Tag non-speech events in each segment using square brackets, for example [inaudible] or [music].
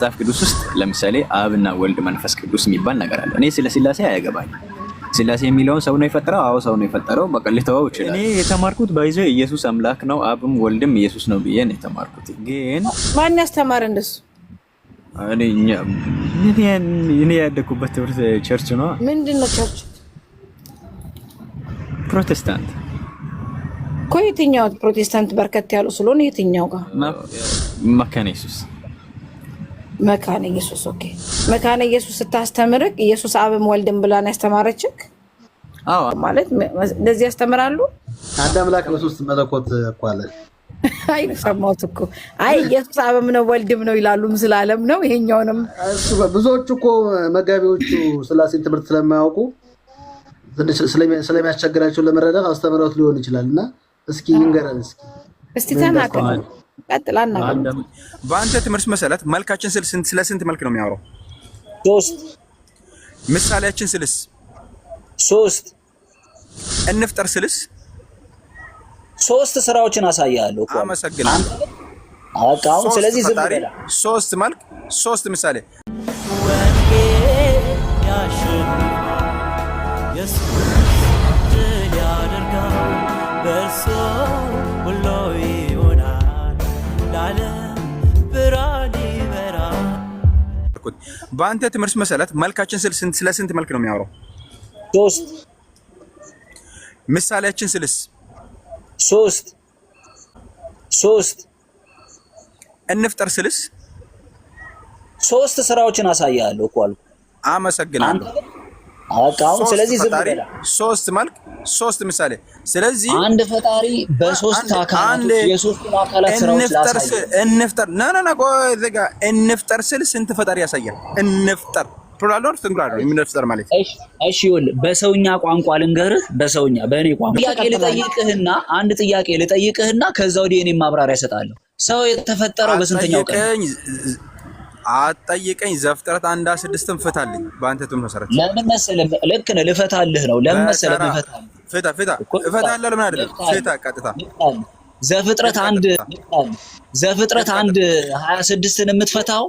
መጽሐፍ ቅዱስ ውስጥ ለምሳሌ አብና ወልድ መንፈስ ቅዱስ የሚባል ነገር አለ። እኔ ስለ ስላሴ አያገባኝ። ስላሴ የሚለውን ሰው ነው የፈጠረው? አዎ ሰው ነው የፈጠረው። በቃ ሊተወው ይችላል። እኔ የተማርኩት ባይዞ ኢየሱስ አምላክ ነው፣ አብም ወልድም ኢየሱስ ነው ብዬ ነው የተማርኩት። ግን ማን ያስተማር እንደሱ? እኔ ያደግኩበት ትምህርት ቸርች ነው። ምንድን ነው ቸርች? ፕሮቴስታንት እኮ የትኛው ፕሮቴስታንት በርከት ያሉ ስለሆነ የትኛው ጋር መካነ ኢየሱስ መካነ ኢየሱስ ኦኬ። መካነ ኢየሱስ ስታስተምርክ ኢየሱስ አብም ወልድም ብላን ያስተማረችክ ማለት እንደዚህ ያስተምራሉ። አንድ አምላክ በሶስት መለኮት እኮ አለ። [laughs] አይ ሰማሁት እኮ አይ ኢየሱስ አብም ነው ወልድም ነው ይላሉ። ምስል አለም ነው ይሄኛውንም። ብዙዎቹ እኮ መጋቢዎቹ ስላሴን ትምህርት ስለማያውቁ ስለሚያስቸግራቸው ለመረዳት አስተምረውት ሊሆን ይችላል። እና እስኪ ይንገረን እስኪ እስቲ ተናገር ቀጥላ በአንተ ትምህርት መሰረት መልካችን ስለ ስንት መልክ ነው የሚያወራው? ሶስት ምሳሌያችን ስልስ ሶስት እንፍጠር ስልስ ሶስት ስራዎችን አሳያለሁ። አመሰግናለሁ። አቃው ስለዚህ ዝም ብለህ ሶስት መልክ ሶስት ምሳሌ በአንተ ትምህርት መሰረት መልካችን ስለ ስንት መልክ ነው የሚያወራው? ሶስት ምሳሌያችን ስልስ ሶስት ሶስት እንፍጠር ስልስ ሶስት ስራዎችን አሳያለሁ እኮ አልኩ። አመሰግናለሁ። ስለዚህ ዝም ሶስት መልክ ሶስት ምሳሌ። ስለዚህ አንድ ፈጣሪ በሶስት አካላት የሶስቱን አካላት ስራዎች ላሳየው እንፍጠር ና ና ና ቆይ ዘጋ እንፍጠር ስል ስንት ፈጣሪ ያሳያል? እንፍጠር ፕሉራል ነው ሲንጉላር ነው የምንፍጠር ማለት እሺ፣ እሺ ይኸውልህ በሰውኛ ቋንቋ ልንገርህ፣ በሰውኛ በእኔ ቋንቋ ጥያቄ ልጠይቅህና አንድ ጥያቄ ልጠይቅህና ከዛ ወዲህ እኔም ማብራሪያ እሰጣለሁ። ሰው የተፈጠረው በስንተኛው ቀን? አጠይቀኝ ዘፍጥረት አንድ ስድስትን ፍታልኝ። በአንተ ትምህርት መሰረት ለምን መሰለህ? ልክ ነህ፣ ልፈታልህ ነው። ለምን መሰለህ? ልፈታልህ፣ ፍታ፣ ፍታ፣ እፈታለሁ። ለምን አይደለም? ፍታ ቀጥታ ዘፍጥረት አንድ ዘፍጥረት አንድ ሀያ ስድስትን የምትፈታው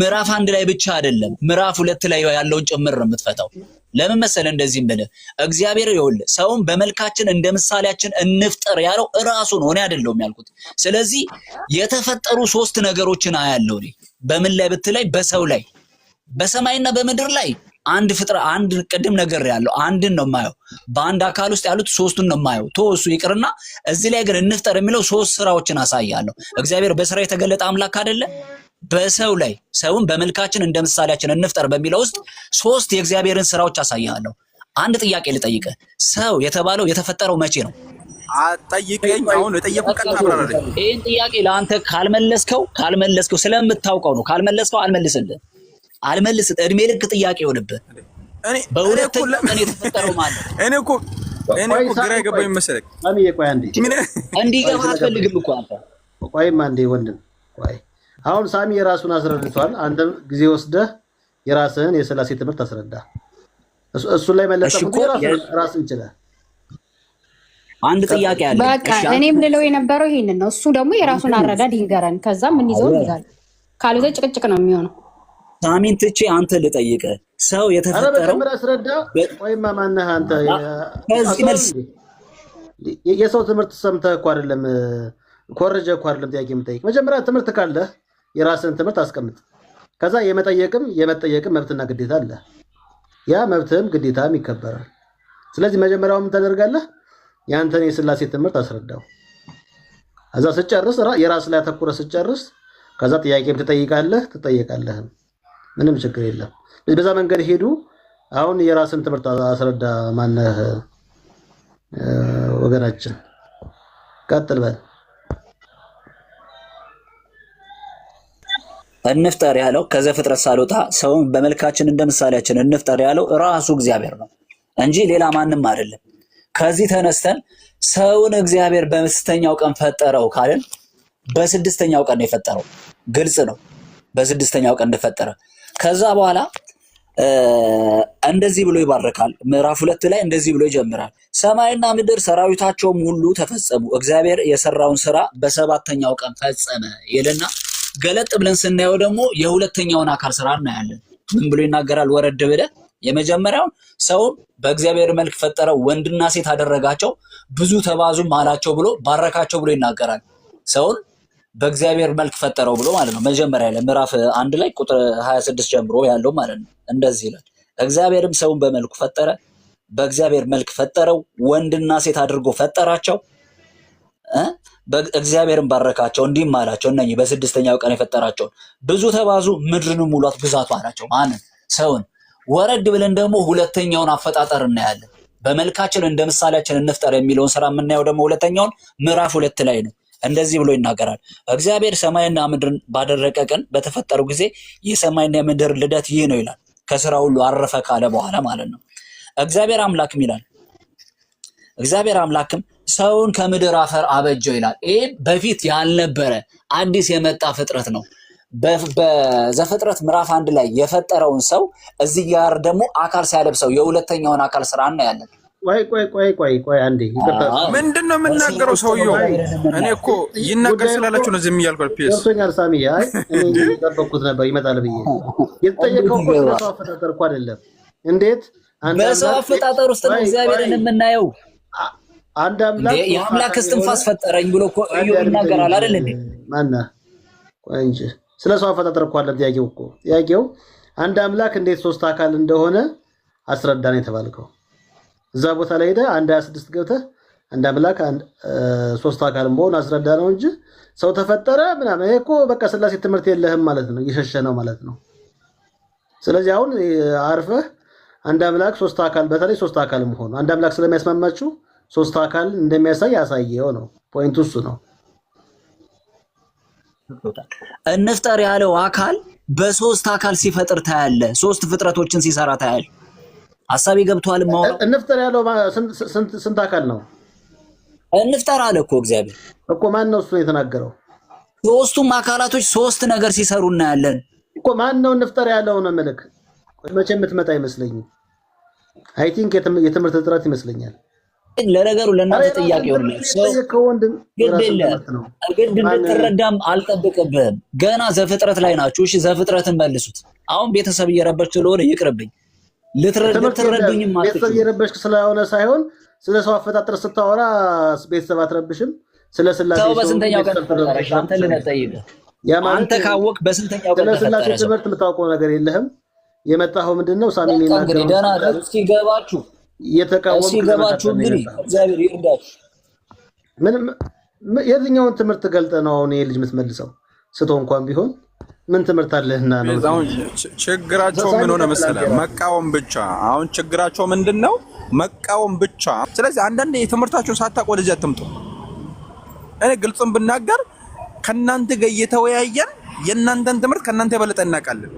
ምዕራፍ አንድ ላይ ብቻ አይደለም፣ ምዕራፍ ሁለት ላይ ያለውን ጭምር ነው የምትፈታው። ለምን መሰለ እንደዚህ ብለህ እግዚአብሔር ይወል ሰውን በመልካችን እንደ ምሳሌያችን እንፍጠር ያለው እራሱ ነው፣ እኔ አይደለሁም ያልኩት። ስለዚህ የተፈጠሩ ሶስት ነገሮችን አያለው እኔ በምን ላይ ብትለኝ፣ በሰው ላይ በሰማይና በምድር ላይ አንድ ፍጥረ አንድ ቅድም ነገር ያለው አንድን ነው የማየው። በአንድ አካል ውስጥ ያሉት ሶስቱን ነው የማየው። ተወሱ ይቅርና እዚህ ላይ ግን እንፍጠር የሚለው ሶስት ስራዎችን አሳያለሁ። እግዚአብሔር በስራ የተገለጠ አምላክ አደለ? በሰው ላይ ሰውን በመልካችን እንደ ምሳሌያችን እንፍጠር በሚለው ውስጥ ሶስት የእግዚአብሔርን ስራዎች አሳያለሁ። አንድ ጥያቄ ልጠይቀ፣ ሰው የተባለው የተፈጠረው መቼ ነው? ይህን ጥያቄ ለአንተ ካልመለስከው ካልመለስከው ስለምታውቀው ነው። ካልመለስከው አልመልስልህም። አልመልስ። እድሜ ልክ ጥያቄ ሆነብህ። ማለት እኔ እኮ እኔ እኮ ግራ እኮ አንተ። ወንድም፣ ቆይ አሁን ሳሚ የራሱን አስረድቷል። አንተ ጊዜ ወስደህ የራስህን የስላሴ ትምህርት አስረዳ። እሱን ላይ መለጠፍ ራስን ይችላል። አንድ ጥያቄ አለ። በቃ እኔም ልለው የነበረው ይሄንን ነው። እሱ ደግሞ የራሱን አረዳድ ይንገረን፣ ምን ይዘው ይዛል። ካልሆነ ጭቅጭቅ ነው የሚሆነው። ሳሚን ትቼ አንተ ልጠይቀ ሰው የተፈጠረው ከዚህ መልስ የሰው ትምህርት ሰምተህ እኮ አይደለም ኮረጀ እኮ አይደለም ጥያቄ የምጠይቅ። መጀመሪያ ትምህርት ካለ የራስን ትምህርት አስቀምጥ። ከዛ የመጠየቅም የመጠየቅም መብትና ግዴታ አለ። ያ መብትህም ግዴታም ይከበራል። ስለዚህ መጀመሪያው ምን ታደርጋለህ? ያንተን የስላሴ ትምህርት አስረዳው። ከዛ ስጨርስ የራስ ላይ አተኩረ ስጨርስ፣ ከዛ ጥያቄም ትጠይቃለህ ትጠየቃለህም። ምንም ችግር የለም። በዛ መንገድ ሄዱ። አሁን የራስን ትምህርት አስረዳ። ማነህ ወገናችን ቀጥል በል። እንፍጠር ያለው ከዘፍጥረት ሳልወጣ ሰውን በመልካችን እንደ ምሳሌያችን እንፍጠር ያለው ራሱ እግዚአብሔር ነው እንጂ ሌላ ማንም አይደለም። ከዚህ ተነስተን ሰውን እግዚአብሔር በስተኛው ቀን ፈጠረው ካልን በስድስተኛው ቀን ነው የፈጠረው። ግልጽ ነው፣ በስድስተኛው ቀን እንደፈጠረ ከዛ በኋላ እንደዚህ ብሎ ይባርካል። ምዕራፍ ሁለት ላይ እንደዚህ ብሎ ይጀምራል። ሰማይና ምድር ሰራዊታቸውም ሁሉ ተፈጸሙ፣ እግዚአብሔር የሰራውን ስራ በሰባተኛው ቀን ፈጸመ ይልና ገለጥ ብለን ስናየው ደግሞ የሁለተኛውን አካል ስራ እናያለን። ምን ብሎ ይናገራል? ወረድ ብለን የመጀመሪያውን ሰውን በእግዚአብሔር መልክ ፈጠረው፣ ወንድና ሴት አደረጋቸው፣ ብዙ ተባዙም አላቸው ብሎ ባረካቸው ብሎ ይናገራል። ሰውን በእግዚአብሔር መልክ ፈጠረው ብሎ ማለት ነው። መጀመሪያ ላይ ምዕራፍ አንድ ላይ ቁጥር 26 ጀምሮ ያለው ማለት ነው። እንደዚህ ይላል፣ እግዚአብሔርም ሰውን በመልኩ ፈጠረ፣ በእግዚአብሔር መልክ ፈጠረው፣ ወንድና ሴት አድርጎ ፈጠራቸው። እግዚአብሔርን ባረካቸው፣ እንዲህም አላቸው፣ እነ በስድስተኛው ቀን የፈጠራቸውን ብዙ ተባዙ፣ ምድርን ሙሏት፣ ብዛቱ አላቸው። ማንን? ሰውን። ወረድ ብለን ደግሞ ሁለተኛውን አፈጣጠር እናያለን። በመልካችን እንደ ምሳሌያችን እንፍጠር የሚለውን ስራ የምናየው ደግሞ ሁለተኛውን ምዕራፍ ሁለት ላይ ነው። እንደዚህ ብሎ ይናገራል። እግዚአብሔር ሰማይና ምድርን ባደረቀ ቀን በተፈጠሩ ጊዜ የሰማይና የምድር ልደት ይህ ነው ይላል። ከስራ ሁሉ አረፈ ካለ በኋላ ማለት ነው። እግዚአብሔር አምላክም ይላል እግዚአብሔር አምላክም ሰውን ከምድር አፈር አበጀው ይላል። ይህ በፊት ያልነበረ አዲስ የመጣ ፍጥረት ነው። በዘፍጥረት ምዕራፍ አንድ ላይ የፈጠረውን ሰው እዚህ ጋር ደግሞ አካል ሲያለብሰው የሁለተኛውን አካል ስራ እናያለን። ቆይ ቆይ ቆይ ቆይ ቆይ አንዴ ምንድን ነው የምናገረው? ሰውየው እኔ እኮ ይናገር ስላላችሁ ነው ዝም እያልኩ ገብቶኛል። ሳሚ አይ እኔ የጠበቅኩት ነበር ይመጣል ብዬ የተጠየቀው እኮ ስለ ሰው አፈጣጠር እኮ አይደለም። እንዴት በሰው አፈጣጠር ውስጥ ነው እግዚአብሔርን የምናየው? አንድ አምላክ የአምላክ እስትንፋስ ፈጠረኝ ብሎ እኮ እዩ ይናገራል አይደል እንዴ? ማና ቆይ እንጂ ስለ ሰው አፈጣጠር እኮ አለ ጥያቄው። እኮ ጥያቄው አንድ አምላክ እንዴት ሶስት አካል እንደሆነ አስረዳን የተባልከው እዛ ቦታ ላይ ሄደህ አንድ ሀያ ስድስት ገብተህ አንድ አምላክ ሶስት አካል መሆን አስረዳ ነው እንጂ ሰው ተፈጠረ ምናምን ይሄ እኮ በቃ ስላሴ ትምህርት የለህም ማለት ነው፣ እየሸሸ ነው ማለት ነው። ስለዚህ አሁን አርፈህ አንድ አምላክ ሶስት አካል በተለይ ሶስት አካል መሆን አንድ አምላክ ስለሚያስማማችሁ ሶስት አካል እንደሚያሳይ ያሳየው ነው። ፖይንቱ እሱ ነው። እንፍጠር ያለው አካል በሶስት አካል ሲፈጥር ታያለ። ሶስት ፍጥረቶችን ሲሰራ ታያለ። ሀሳቤ ገብቶሃል? እንፍጠር ያለው ስንት አካል ነው? እንፍጠር አለ እኮ እግዚአብሔር እኮ። ማን ነው እሱ የተናገረው? ሶስቱም አካላቶች ሶስት ነገር ሲሰሩ እናያለን እኮ። ማን ነው እንፍጠር ያለው? ነው መልክ መቼ የምትመጣ አይመስለኝም። አይ ቲንክ የትምህርት እጥረት ይመስለኛል። ለነገሩ ለእናንተ ጥያቄ ግድ እንድትረዳም አልጠብቅብህም። ገና ዘፍጥረት ላይ ናችሁ። እሺ ዘፍጥረትን መልሱት። አሁን ቤተሰብ እየረበች ስለሆነ ይቅርብኝ። ልትረዱኝም ቤተሰብ እየረበሽክ ስለሆነ ሳይሆን ስለ ሰው አፈጣጠር ስታወራ ቤተሰብ አትረብሽም። ስለ ስላሴ በስንተኛው ቀን አንተ በስንተኛው ቀን ስለ ስላሴ ትምህርት የምታውቀው ነገር የለህም። የመጣኸው ምንድን ነው? ሳሚ ደህና እስኪገባችሁ እስኪገባችሁ እንግዲህ እግዚአብሔር ይርዳችሁ። ምንም የትኛውን ትምህርት ገልጠ ነው አሁን ይሄ ልጅ የምትመልሰው? ስቶ እንኳን ቢሆን ምን ትምህርት አለህና ነው? ችግራቸው ምን ሆነ መሰለህ? መቃወም ብቻ። አሁን ችግራቸው ምንድን ነው? መቃወም ብቻ። ስለዚህ አንዳንዴ የትምህርታችሁን ሳታቅ ወደዚህ አትምጡ። እኔ ግልጽም ብናገር ከእናንተ ጋር እየተወያየን የእናንተን ትምህርት ከእናንተ የበለጠ እናውቃለን።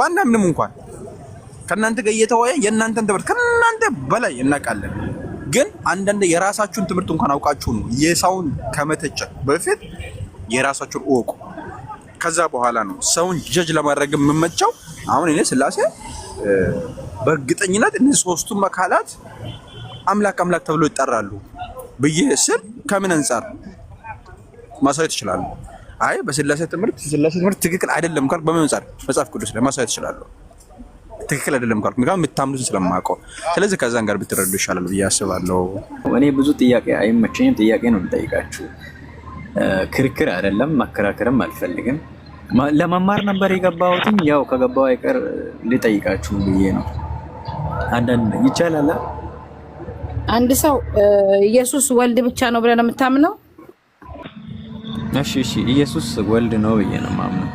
ምንም እንኳን ከእናንተ ጋር እየተወያየን የእናንተን ትምህርት ከእናንተ በላይ እናውቃለን። ግን አንዳንዴ የራሳችሁን ትምህርት እንኳን አውቃችሁ ነው የሰውን ከመተቸት በፊት የራሳችሁን እወቁ። ከዛ በኋላ ነው ሰውን ጀጅ ለማድረግ የምመቸው። አሁን እኔ ስላሴ በእርግጠኝነት እነዚህ ሶስቱም አካላት አምላክ አምላክ ተብሎ ይጠራሉ ብዬ ስል ከምን አንጻር ማሳየት ይችላሉ? አይ በስላሴ ትምህርት ስላሴ ትምህርት ትክክል አይደለም ካልኩ በምን አንጻር መጽሐፍ ቅዱስ ላይ ማሳየት ይችላሉ? ትክክል አይደለም ካልኩ ምክንያቱም የምታምኑትን ስለማውቀው፣ ስለዚህ ከዛን ጋር ብትረዱ ይሻላል ብዬ አስባለሁ። እኔ ብዙ ጥያቄ አይመቸኝም። ጥያቄ ነው የምጠይቃችሁ። ክርክር አይደለም፣ መከራከርም አልፈልግም። ለመማር ነበር የገባሁትኝ። ያው ከገባው አይቀር ልጠይቃችሁ ብዬ ነው። አንዳንድ ይቻላል። አንድ ሰው ኢየሱስ ወልድ ብቻ ነው ብለህ ነው የምታምነው? እሺ፣ እሺ፣ ኢየሱስ ወልድ ነው ብዬ ነው የማምነው።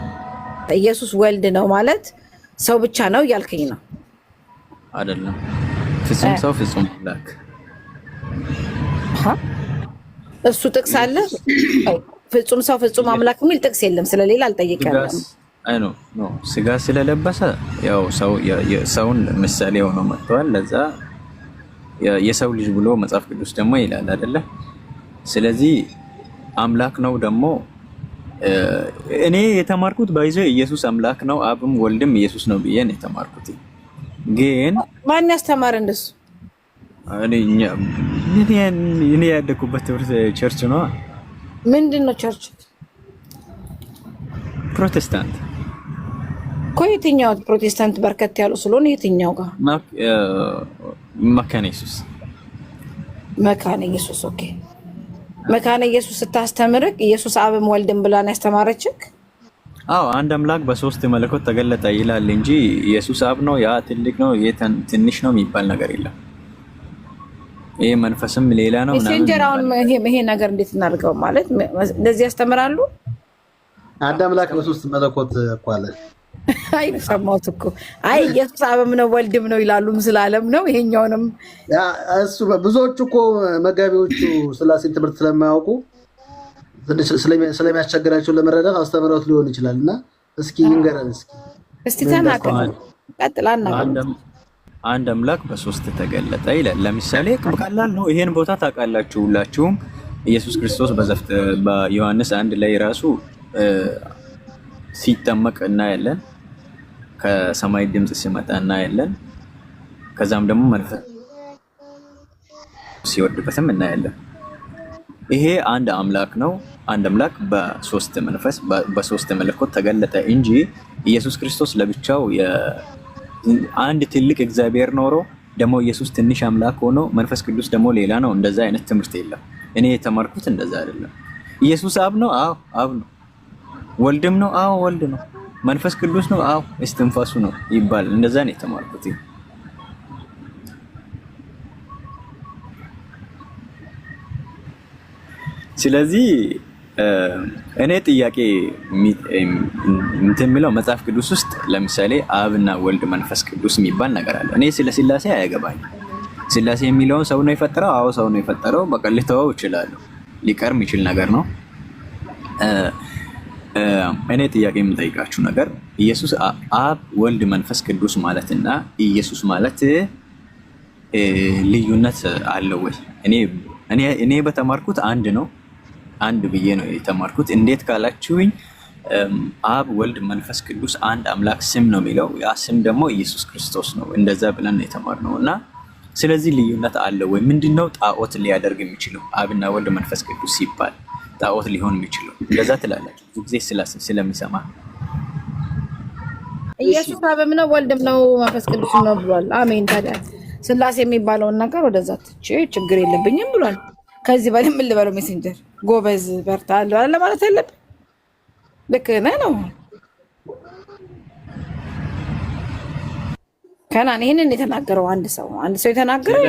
ኢየሱስ ወልድ ነው ማለት ሰው ብቻ ነው እያልከኝ ነው? አይደለም። ፍጹም ሰው ፍጹም አምላክ እሱ ጥቅስ አለ ፍጹም ሰው ፍጹም አምላክ የሚል ጥቅስ የለም። ስለሌላ አልጠየቀም። ስጋ ስለለበሰ ያው ሰውን ምሳሌ ሆኖ መጥተዋል። ለዛ የሰው ልጅ ብሎ መጽሐፍ ቅዱስ ደግሞ ይላል አይደለ? ስለዚህ አምላክ ነው ደግሞ እኔ የተማርኩት ባይዞ ኢየሱስ አምላክ ነው፣ አብም ወልድም ኢየሱስ ነው ብዬ ነው የተማርኩት። ግን ማን ያስተማር እንደሱ? እኔ ያደኩበት ትምህርት ቸርች ነው። ምንድን ነው ቸርች? ፕሮቴስታንት እኮ የትኛው ፕሮቴስታንት በርከት ያሉ ስለሆነ የትኛው ጋር መካነ ኢየሱስ መካነ ኢየሱስ ኦኬ። መካነ ኢየሱስ ስታስተምርክ ኢየሱስ አብም ወልድም ብላን ያስተማረችክ? አዎ አንድ አምላክ በሶስት መለኮት ተገለጠ ይላል እንጂ ኢየሱስ አብ ነው፣ ያ ትልቅ ነው፣ ትንሽ ነው የሚባል ነገር የለም። ይሄ መንፈስም ሌላ ነው። ሜሴንጀራውን ይሄ ነገር እንዴት እናድርገው? ማለት እንደዚህ ያስተምራሉ። አንድ አምላክ በሶስት መለኮት እኮ አለ። [laughs] አይ ሰማሁት እኮ አይ ኢየሱስ አብም ነው ወልድም ነው ይላሉ። ምስል አለም ነው ይሄኛውንም እሱ ብዙዎቹ እኮ መጋቢዎቹ ስላሴን ትምህርት ስለማያውቁ ስለሚያስቸግራቸው ለመረዳት አስተምረት ሊሆን ይችላል። እና እስኪ ይንገረን እስኪ እስቲ ቀጥላ ቀጥላና አንድ አምላክ በሶስት ተገለጠ ይላል። ለምሳሌ ቀላል ነው። ይሄን ቦታ ታውቃላችሁ ሁላችሁም። ኢየሱስ ክርስቶስ በዘፍት በዮሐንስ አንድ ላይ ራሱ ሲጠመቅ እናያለን። ከሰማይ ድምፅ ሲመጣ እናያለን። ከዛም ደግሞ መንፈስ ሲወድበትም እናያለን። ይሄ አንድ አምላክ ነው። አንድ አምላክ በሶስት መንፈስ በሶስት መለኮት ተገለጠ እንጂ ኢየሱስ ክርስቶስ ለብቻው አንድ ትልቅ እግዚአብሔር ኖሮ ደግሞ ኢየሱስ ትንሽ አምላክ ሆኖ መንፈስ ቅዱስ ደግሞ ሌላ ነው። እንደዛ አይነት ትምህርት የለም። እኔ የተማርኩት እንደዛ አይደለም። ኢየሱስ አብ ነው። አዎ አብ ነው። ወልድም ነው። አዎ ወልድ ነው። መንፈስ ቅዱስ ነው። አዎ እስትንፋሱ ነው ይባላል። እንደዛ ነው የተማርኩት። ስለዚህ እኔ ጥያቄ እንትን የሚለው መጽሐፍ ቅዱስ ውስጥ ለምሳሌ አብና ወልድ መንፈስ ቅዱስ የሚባል ነገር አለ። እኔ ስለ ስላሴ አያገባኝ። ስላሴ የሚለውን ሰው ነው የፈጠረው? አዎ ሰው ነው የፈጠረው። በቃ ልተወው እችላለሁ። ሊቀርም ይችል ነገር ነው። እኔ ጥያቄ የምጠይቃችሁ ነገር ኢየሱስ አብ፣ ወልድ፣ መንፈስ ቅዱስ ማለት እና ኢየሱስ ማለት ልዩነት አለው ወይ? እኔ በተማርኩት አንድ ነው አንድ ብዬ ነው የተማርኩት። እንዴት ካላችሁኝ አብ ወልድ መንፈስ ቅዱስ አንድ አምላክ ስም ነው የሚለው ያ ስም ደግሞ ኢየሱስ ክርስቶስ ነው። እንደዛ ብለን የተማርነው እና ስለዚህ ልዩነት አለው ወይ? ምንድነው ጣዖት ሊያደርግ የሚችለው አብና ወልድ መንፈስ ቅዱስ ሲባል ጣዖት ሊሆን የሚችለው እንደዛ ትላላችሁ ብዙ ጊዜ ስለሚሰማ ኢየሱስ አብም ነው ወልድም ነው መንፈስ ቅዱስ ነው ብሏል። አሜን። ታዲያ ስላሴ የሚባለውን ነገር ወደዛ ትቼ ችግር የለብኝም ብሏል። ከዚህ በላይ ምን ልበለው? ሜሴንጀር ጎበዝ በርታ አለ ማለት ያለብን ልክ ነህ ነው ከናን ይህንን የተናገረው አንድ ሰው አንድ ሰው የተናገረው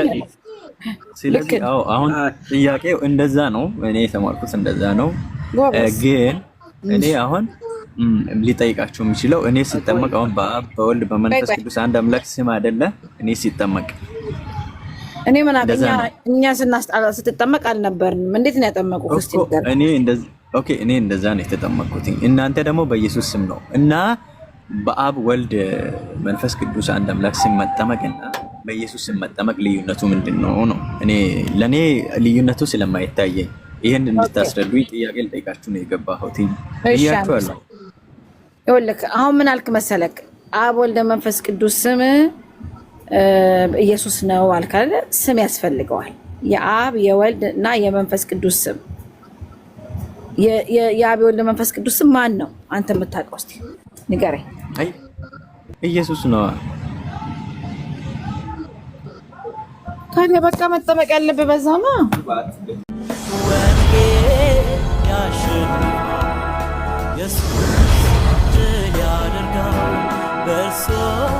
ስለዚህ አሁን ጥያቄው እንደዛ ነው። እኔ የተማርኩት እንደዛ ነው። ግን እኔ አሁን ሊጠይቃቸው የሚችለው እኔ ሲጠመቅ አሁን በአብ በወልድ በመንፈስ ቅዱስ አንድ አምላክ ስም አይደለ እኔ ሲጠመቅ እኔ ምን እኛ ስትጠመቅ አልነበርንም። እንዴት ነው ያጠመቁ? እኔ እንደዛ ነው የተጠመቅኩትኝ። እናንተ ደግሞ በኢየሱስ ስም ነው እና በአብ ወልድ መንፈስ ቅዱስ አንድ አምላክ ስም እና በኢየሱስ ስም መጠመቅ ልዩነቱ ምንድን ነው? ነው እኔ ለእኔ ልዩነቱ ስለማይታየኝ ይህን እንድታስረዱኝ ጥያቄ ልጠይቃችሁ ነው የገባሁት። እያችኋለሁ። ይኸውልህ አሁን ምን አልክ መሰለክ አብ ወልደ መንፈስ ቅዱስ ስም ኢየሱስ ነው አልካለ ስም ያስፈልገዋል። የአብ የወልድ እና የመንፈስ ቅዱስ ስም የአብ የወልድ መንፈስ ቅዱስ ስም ማን ነው? አንተ የምታውቀው እስኪ ንገረኝ። ኢየሱስ ነው። ታዲያ በቃ መጠመቅ ያለብህ በዛማ ያደርጋል